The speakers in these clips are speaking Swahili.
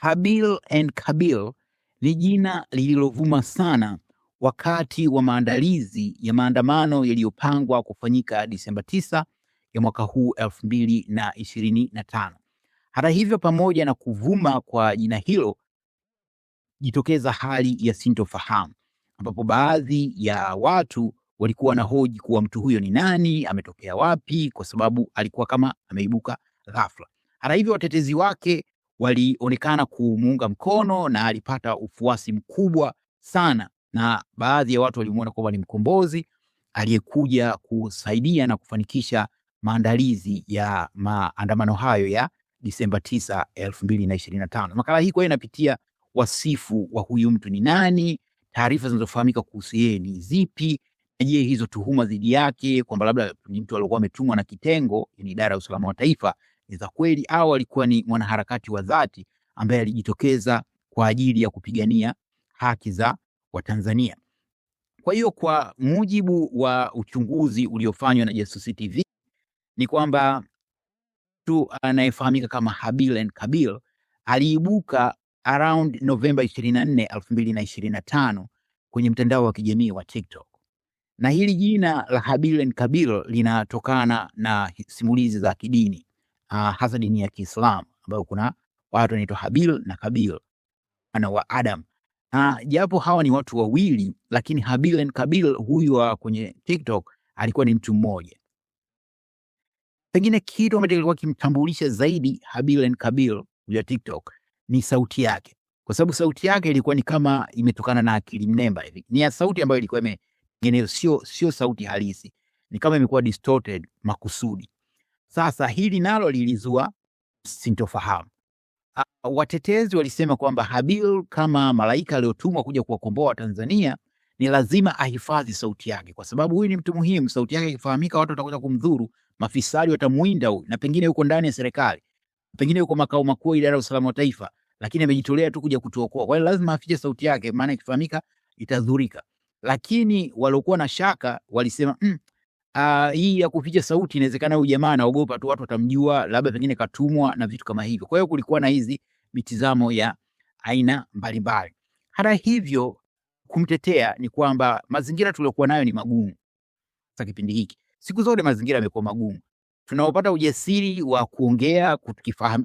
Habil and Kabil ni jina lililovuma sana wakati wa maandalizi ya maandamano yaliyopangwa kufanyika Disemba 9 ya mwaka huu 2025. Hata hivyo, pamoja na kuvuma kwa jina hilo, jitokeza hali ya sintofahamu ambapo baadhi ya watu walikuwa na hoji kuwa mtu huyo ni nani, ametokea wapi, kwa sababu alikuwa kama ameibuka ghafla. Hata hivyo, watetezi wake walionekana kumuunga mkono na alipata ufuasi mkubwa sana, na baadhi ya watu walimuona kwamba ni mkombozi aliyekuja kusaidia na kufanikisha maandalizi ya maandamano hayo ya Disemba 9, 2025. Makala hii kwa hiyo inapitia wasifu wa huyu mtu ni nani, taarifa zinazofahamika kuhusu yeye ni zipi, na je, hizo tuhuma dhidi yake kwamba labda ni mtu aliyokuwa ametumwa na kitengo, ni idara ya usalama wa taifa, ni za kweli au alikuwa ni mwanaharakati wa dhati ambaye alijitokeza kwa ajili ya kupigania haki za Watanzania. Kwa hiyo kwa mujibu wa uchunguzi uliofanywa na Jasusi TV ni kwamba mtu anayefahamika kama Habil and Kabil aliibuka around Novemba 24, 2025 kwenye mtandao wa kijamii wa TikTok. Na hili jina la Habil and Kabil linatokana na simulizi za kidini uh, hasa dini ya Kiislamu ambayo kuna watu wanaitwa Habil na Kabil, ana wa Adam. Uh, japo hawa ni watu wawili, lakini Habil and Kabil huyu wa kwenye TikTok alikuwa ni mtu mmoja. Pengine kitu ambacho kilikuwa kimtambulisha zaidi Habil and Kabil ya TikTok ni sauti yake, kwa sababu sauti yake ilikuwa ni kama imetokana na akili mnemba hivi. Ni ya sauti ambayo ilikuwa imetengenezwa, sio sio sauti halisi, ni kama imekuwa distorted makusudi. Sasa hili nalo lilizua sintofahamu. Uh, watetezi walisema kwamba Habil kama malaika aliyotumwa kuja kuwakomboa Watanzania ni lazima ahifadhi sauti yake, kwa sababu huyu ni mtu muhimu. Sauti yake ikifahamika, watu watakuja kumdhuru, mafisadi watamwinda huyu, na pengine yuko ndani ya serikali, pengine yuko makao makuu ya idara ya usalama wa taifa, lakini amejitolea tu kuja kutuokoa. Kwa hiyo lazima afiche sauti yake, maana ikifahamika itadhurika. Lakini waliokuwa na shaka walisema mm, uh, hii ya kuficha sauti inawezekana huyu jamaa anaogopa tu watu watamjua, labda pengine katumwa na vitu kama hivyo. Kwa hiyo kulikuwa na hizi mitizamo ya aina mbalimbali. Hata hivyo, kumtetea ni kwamba mazingira tuliokuwa nayo ni magumu. Sasa kipindi hiki, siku zote mazingira yamekuwa magumu, tunaopata ujasiri wa kuongea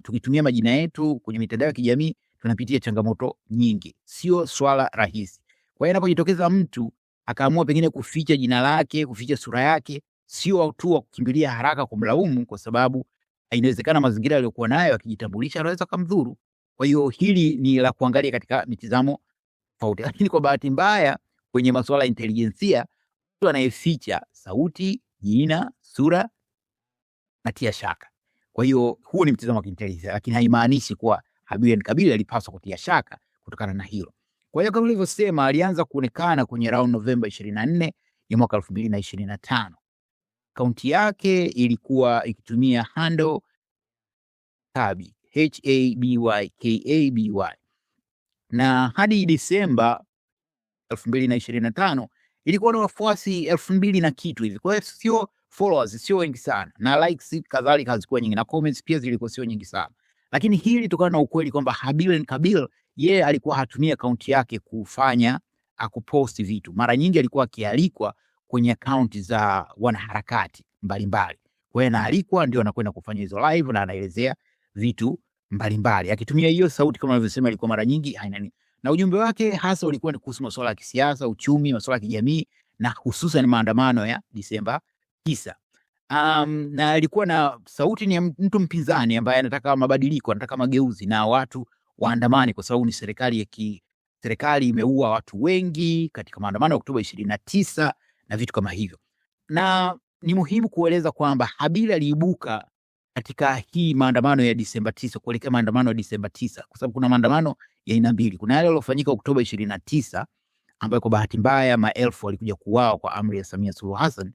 tukitumia majina yetu kwenye mitandao ya kijamii tunapitia changamoto nyingi, sio swala rahisi. Kwa hiyo inapojitokeza mtu akaamua pengine kuficha jina lake, kuficha sura yake, sio tu wa kukimbilia haraka kumlaumu, kwa sababu inawezekana mazingira aliyokuwa nayo akijitambulisha anaweza kumdhuru. Kwa hiyo hili ni la kuangalia katika mitizamo tofauti, lakini kwa bahati mbaya kwenye masuala ya intelijensia, mtu anayeficha sauti, jina, sura natia shaka. Kwa hiyo huo ni mtizamo wa kiintelijensia, lakini haimaanishi kuwa Habib Kabir alipaswa kutia shaka kutokana na hilo. Kwa hiyo kama ulivyosema, alianza kuonekana kwenye round Novemba 24 ya mwaka 2025. Kaunti yake ilikuwa ikitumia handle Kabi, H A B Y K A B Y, na hadi Disemba 2025 ilikuwa na wafuasi elfu mbili na kitu hivi. Kwa hiyo sio followers, sio wengi sana, na likes kadhalika hazikuwa nyingi, na comments pia zilikuwa sio nyingi sana. Lakini hili litokana na ukweli kwamba Habil Kabil yeye alikuwa hatumia akaunti yake kufanya akuposti vitu. Mara nyingi alikuwa akialikwa kwenye akaunti za wanaharakati mbalimbali. Kwa hiyo anaalikwa ndio anakwenda kufanya hizo live na anaelezea vitu mbalimbali akitumia hiyo sauti kama alivyosema, ilikuwa mara nyingi nini, Na ujumbe wake hasa ulikuwa ni kuhusu masuala ya kisiasa, uchumi, masuala ya kijamii na hususan maandamano ya Disemba tisa um, na alikuwa na sauti ni mtu mpinzani ambaye anataka mabadiliko, anataka mageuzi na watu waandamani, kwa sababu ni serikali ya ki, serikali imeua watu wengi katika maandamano ya Oktoba ishirini na tisa na vitu kama hivyo. Na ni muhimu kueleza kwamba Habila aliibuka katika hii maandamano ya Disemba tisa kuelekea maandamano ya Disemba tisa kwa sababu kuna maandamano ya aina mbili. Kuna yale yaliyofanyika Oktoba ishirini na tisa ambayo kwa bahati mbaya maelfu walikuja kuuawa kwa amri ya Samia Suluhu Hassan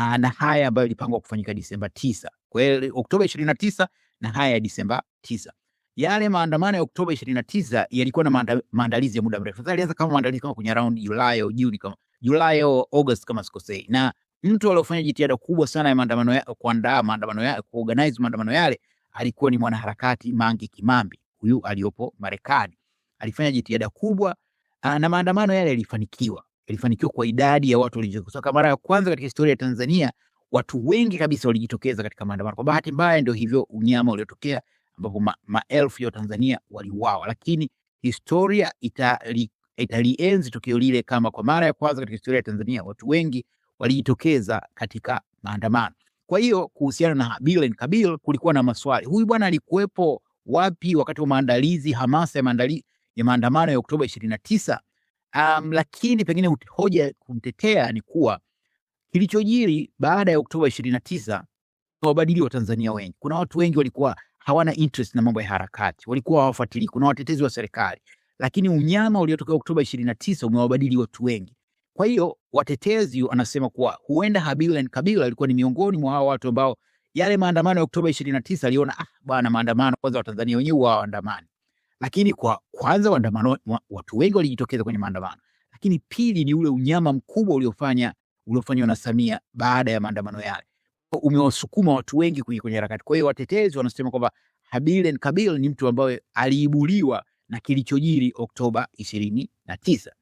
Ah, na haya ambayo ilipangwa kufanyika Disemba tisa. Kwa hiyo Oktoba ishirini na tisa na haya ya Disemba tisa. Yale maandamano ya Oktoba ishirini na tisa yalikuwa na maandalizi ya muda mrefu. Sasa alianza kama maandalizi kama kwenye round Julai au Juni kama Julai au August kama sikosei. Na mtu aliyofanya jitihada kubwa sana ya maandamano ya kuandaa maandamano ya kuorganize maandamano yale alikuwa ni mwanaharakati Mange Kimambi. Huyu aliyopo Marekani. Alifanya jitihada kubwa ah, na maandamano yale yalifanikiwa ilifanikiwa kwa idadi ya watu waliojitokeza. Kwa mara ya kwanza katika historia ya Tanzania watu wengi kabisa walijitokeza katika maandamano. Kwa bahati mbaya, ndio hivyo unyama uliotokea, ambapo ma, maelfu ya Watanzania waliuawa, lakini historia itali, italienzi tukio lile kama kwa mara ya kwanza katika historia ya Tanzania watu wengi walijitokeza katika maandamano. Kwa hiyo kuhusiana na Bilen Kabil kulikuwa na maswali, huyu bwana alikuwepo wapi wakati wa maandalizi hamasa ya maandalizi ya maandamano ya Oktoba 29? Um, lakini pengine hoja kumtetea ni kuwa kilichojiri baada ya Oktoba ishirini na tisa wabadili wa Tanzania wengi. Kuna watu wengi walikuwa hawana interest na mambo ya harakati, walikuwa hawafuatilii. Kuna watetezi wa serikali, lakini unyama uliotokea Oktoba ishirini na tisa umewabadili watu wengi. Kwa hiyo watetezi wanasema kuwa huenda Habila na Kabila alikuwa ni miongoni mwa hao watu ambao yale maandamano ya Oktoba ishirini na tisa aliona, ah bwana, maandamano kwanza, Watanzania wenyewe waandamani lakini kwa kwanza, waandamano, watu wengi walijitokeza kwenye maandamano, lakini pili ni ule unyama mkubwa uliofanya uliofanywa na Samia baada ya maandamano yale umewasukuma watu wengi kwenye kwenye harakati. Kwa hiyo watetezi wanasema kwamba Habilen Kabil ni mtu ambaye aliibuliwa na kilichojiri Oktoba ishirini na tisa.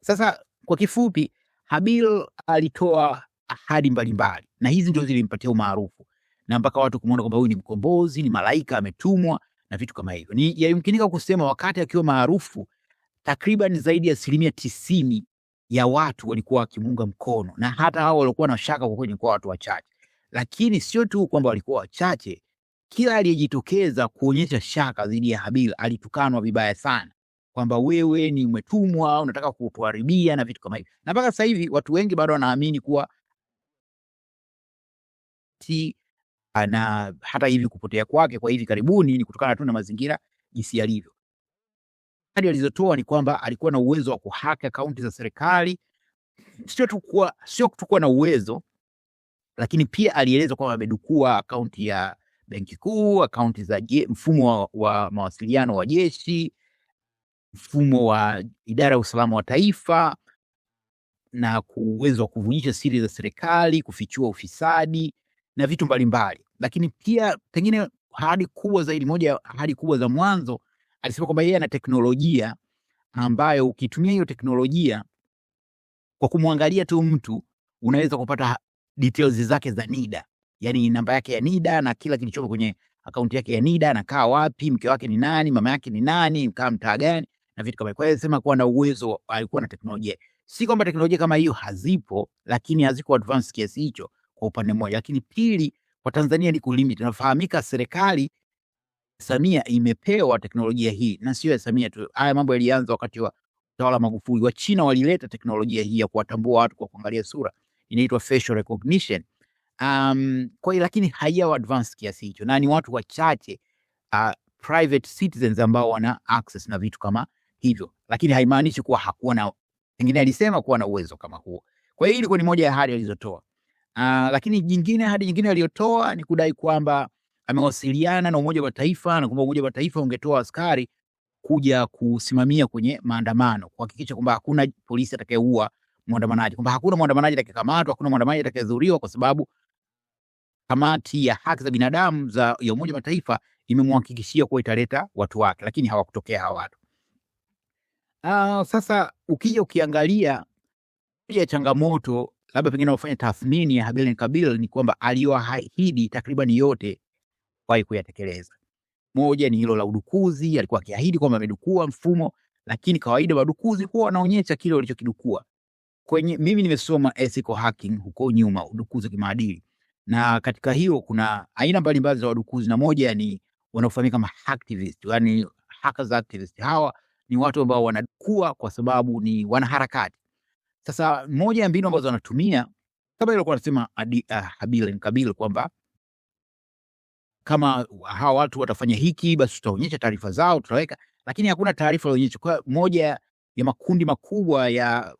Sasa kwa kifupi, Habil alitoa ahadi mbalimbali na hizi ndio zilimpatia umaarufu na mpaka watu kumwona kwamba huyu ni mkombozi, ni malaika ametumwa, na vitu kama hivyo. Ni yamkinika kusema wakati akiwa maarufu, takriban zaidi ya asilimia tisini ya watu walikuwa wakimuunga mkono, na hata hao waliokuwa na shaka kwa kweli kwa watu wachache. Lakini sio tu kwamba walikuwa wachache, kila aliyejitokeza kuonyesha shaka dhidi ya Habil alitukanwa vibaya sana kwamba wewe ni mwetumwa, unataka kutuharibia na vitu kama hivyo, na mpaka sasa hivi watu wengi bado wanaamini kuwa na hata hivi kupotea kwake kwa hivi karibuni ni kutokana tu na mazingira jinsi yalivyo. Hadi alizotoa ni kwamba alikuwa na uwezo wa kuhaka akaunti za serikali, sio tu kuwa sio tu kuwa na uwezo, lakini pia alieleza kwamba amedukua akaunti ya benki kuu, akaunti za je, mfumo wa, wa mawasiliano wa jeshi, mfumo wa idara ya usalama wa taifa na uwezo wa kuvunjisha siri za serikali, kufichua ufisadi na vitu mbalimbali. Lakini pia pengine ahadi kubwa zaidi, moja ya ahadi kubwa za mwanzo alisema kwamba yeye ana teknolojia ambayo ukitumia hiyo teknolojia kwa kumwangalia tu mtu unaweza kupata details zake za NIDA, yani namba yake ya NIDA na kila kilichopo kwenye akaunti yake ya NIDA, anakaa wapi, mke wake ni nani, mama yake ni nani, mkaa mtaa gani na vitu kama hivyo. Kwa hiyo sema kuwa na uwezo, alikuwa na teknolojia. Si kwamba teknolojia kama hiyo hazipo, lakini haziko advanced kiasi hicho kwa upande mmoja, lakini pili kwa Tanzania ni limit. Nafahamika serikali Samia imepewa teknolojia hii na sio ya Samia tu. Haya mambo yalianza wakati wa utawala Magufuli. Wachina walileta teknolojia hii ya kuwatambua watu kwa kuangalia sura, inaitwa facial recognition. Um, kwa hiyo lakini haiya advanced kiasi hicho, na ni watu wachache uh, private citizens ambao wana access na vitu kama hivyo, lakini haimaanishi kuwa hakuwa na, pengine alisema kuwa na uwezo kama huo. Kwa hiyo ilikuwa ni moja ya hali alizotoa. Uh, lakini jingine hadi nyingine aliyotoa ni kudai kwamba amewasiliana na Umoja wa Mataifa na kwamba Umoja wa Mataifa ungetoa askari kuja kusimamia kwenye maandamano kuhakikisha kwamba hakuna polisi atakayeua mwandamanaji, kwamba hakuna mwandamanaji atakayekamatwa, hakuna mwandamanaji atakayedhuriwa, kwa sababu kamati ya haki za binadamu za ya Umoja wa Mataifa imemhakikishia kuwa italeta watu wake, lakini hawakutokea hawa watu. Uh, sasa ukija ukiangalia ya changamoto labda pengine ufanye tathmini ya Habil na Kabil ni kwamba aliyoahidi takriban yote kwa kuyatekeleza. Moja ni hilo la udukuzi, alikuwa akiahidi kwamba amedukua mfumo, lakini kawaida wadukuzi huwa wanaonyesha kile walichokidukua. Kwenye mimi nimesoma ethical hacking huko nyuma, udukuzi kimaadili, na katika hiyo kuna aina mbalimbali za wadukuzi, na moja ni wanaofahamika kama hacktivist, yani hackers activist. Hawa ni watu ambao wanadukua kwa sababu ni wanaharakati sasa moja ya mbinu ambazo anatumia kama ilikuwa uh, ah, Habil mkabili kwamba kama hawa watu watafanya hiki basi tutaonyesha taarifa zao tutaweka, lakini hakuna taarifa ilionyesha. Kwa moja ya makundi makubwa ya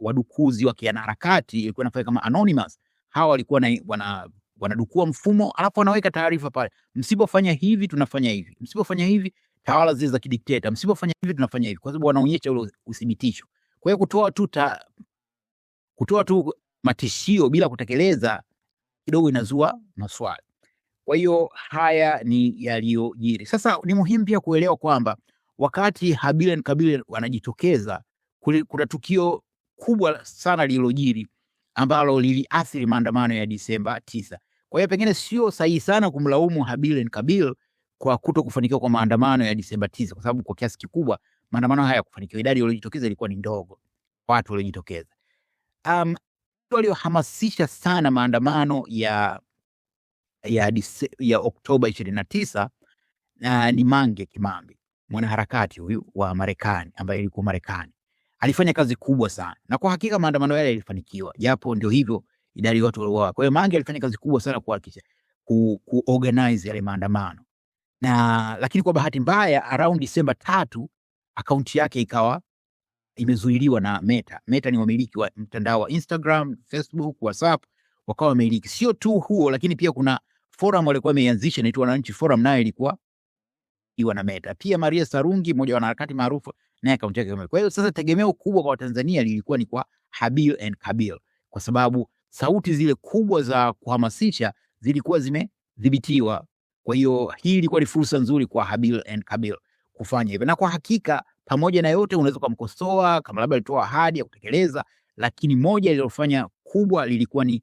wadukuzi wa, wa, wa kianaharakati ilikuwa inafanya kama anonymous. Hawa walikuwa wana, wanadukua mfumo alafu wanaweka taarifa pale, msipofanya hivi tunafanya hivi, msipofanya hivi tawala zile za kidikteta, msipofanya hivi tunafanya hivi, kwa sababu wanaonyesha ule uthibitisho. Kwa hiyo kutoa tu ta, kutoa tu matishio bila kutekeleza kidogo inazua maswali. Kwa hiyo haya ni yaliyojiri. Sasa ni muhimu pia kuelewa kwamba wakati Habili na Kabili wanajitokeza, kuna tukio kubwa sana lililojiri ambalo liliathiri maandamano ya Disemba tisa. Kwa hiyo pengine sio sahihi sana kumlaumu Habili na Kabili kwa kuto kufanikiwa kwa maandamano ya Disemba tisa, kwa sababu kwa kiasi kikubwa maandamano haya kufanikiwa. Idadi waliojitokeza ilikuwa ni ndogo, watu waliojitokeza. Um, waliohamasisha sana maandamano ya ya, dise, ya Oktoba ishirini na tisa uh, ni Mange Kimambi, mwanaharakati huyu wa Marekani ambaye alikuwa Marekani, alifanya kazi kubwa sana, na kwa hakika maandamano yale yalifanikiwa, japo ndio hivyo idadi watu waliouawa. Kwa hiyo Mange alifanya kazi kubwa sana kuhakikisha ku, ku organize yale maandamano na, lakini kwa bahati mbaya around Disemba tatu akaunti yake ikawa imezuiliwa na Meta. Meta ni wamiliki wa mtandao wa Instagram, Facebook, WhatsApp, wakawa wamiliki. Sio tu huo, lakini pia kuna forum walikuwa wameianzisha inaitwa Wananchi Forum, nayo ilikuwa iwa na Meta. Pia Maria Sarungi, mmoja wa wanaharakati maarufu, naye akaunti yake. Kwa hiyo sasa tegemeo kubwa kwa Watanzania lilikuwa ni kwa Habil and Kabil, kwa sababu sauti zile kubwa za kuhamasisha zilikuwa zimedhibitiwa. Kwa hiyo hii ilikuwa ni fursa nzuri kwa Habil and Kabil kufanya hivyo, na kwa hakika pamoja na yote unaweza ukamkosoa kama labda alitoa ahadi ya kutekeleza, lakini moja lililofanya kubwa lilikuwa ni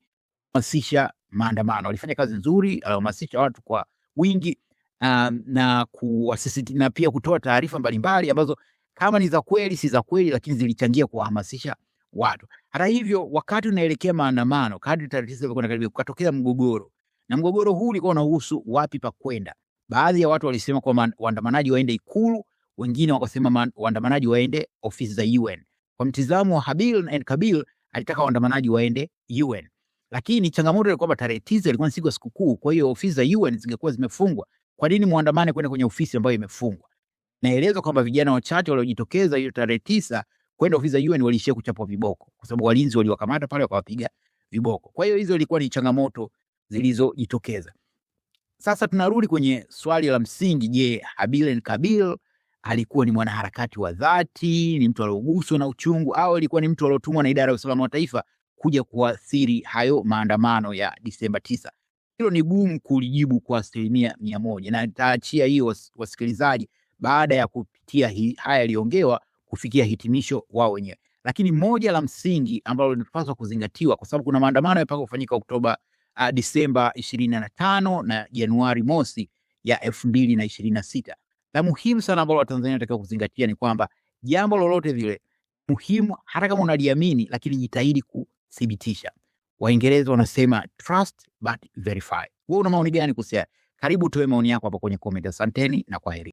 kuhamasisha maandamano. Alifanya kazi nzuri, alihamasisha watu kwa wingi um, na kuwasisitiza na pia kutoa taarifa mbalimbali ambazo kama ni za kweli si za kweli, lakini zilichangia kuwahamasisha watu. Hata hivyo, wakati unaelekea maandamano, kadri taratibu zilivyokwenda karibu, kukatokea mgogoro, na mgogoro huu ulikuwa unahusu wapi pa kwenda Baadhi ya watu walisema kwa waandamanaji waende Ikulu, wengine wakasema waandamanaji waende ofisi za UN. Kwa mtizamo wa Habil and Kabil, alitaka waandamanaji waende UN, lakini changamoto ilikuwa kwamba tarehe tisa ilikuwa siku ya sikukuu, kwa hiyo ofisi za UN zingekuwa zimefungwa. Kwa nini muandamane kwenda kwenye ofisi ambayo imefungwa? Naelezwa kwamba vijana wachache waliojitokeza hiyo tarehe tisa kwenda ofisi za UN waliishia kuchapwa viboko, kwa sababu walinzi waliwakamata pale wakawapiga viboko. Kwa hiyo hizo ilikuwa ni changamoto zilizojitokeza. Sasa tunarudi kwenye swali la msingi. Je, Habil Kabil alikuwa ni mwanaharakati wa dhati, ni mtu alioguswa na uchungu, au alikuwa ni mtu aliotumwa na idara ya usalama wa taifa kuja kuathiri hayo maandamano ya Disemba tisa? Hilo ni gumu kulijibu kwa asilimia mia moja, na nitaachia hiyo wasikilizaji baada ya kupitia hi, haya yaliyoongewa kufikia hitimisho wao wenyewe. Lakini moja la msingi ambalo linapaswa kuzingatiwa, kwa sababu kuna maandamano yapaka kufanyika Oktoba uh, Disemba 25 na Januari mosi ya 2026. La muhimu sana ambalo Watanzania wanatakiwa kuzingatia ni kwamba jambo lolote vile muhimu, hata kama unaliamini, lakini jitahidi kuthibitisha. Waingereza wanasema trust but verify. Wewe una maoni gani kuhusu? Karibu tuwe maoni yako hapo kwenye comment. Asanteni na kwaheri.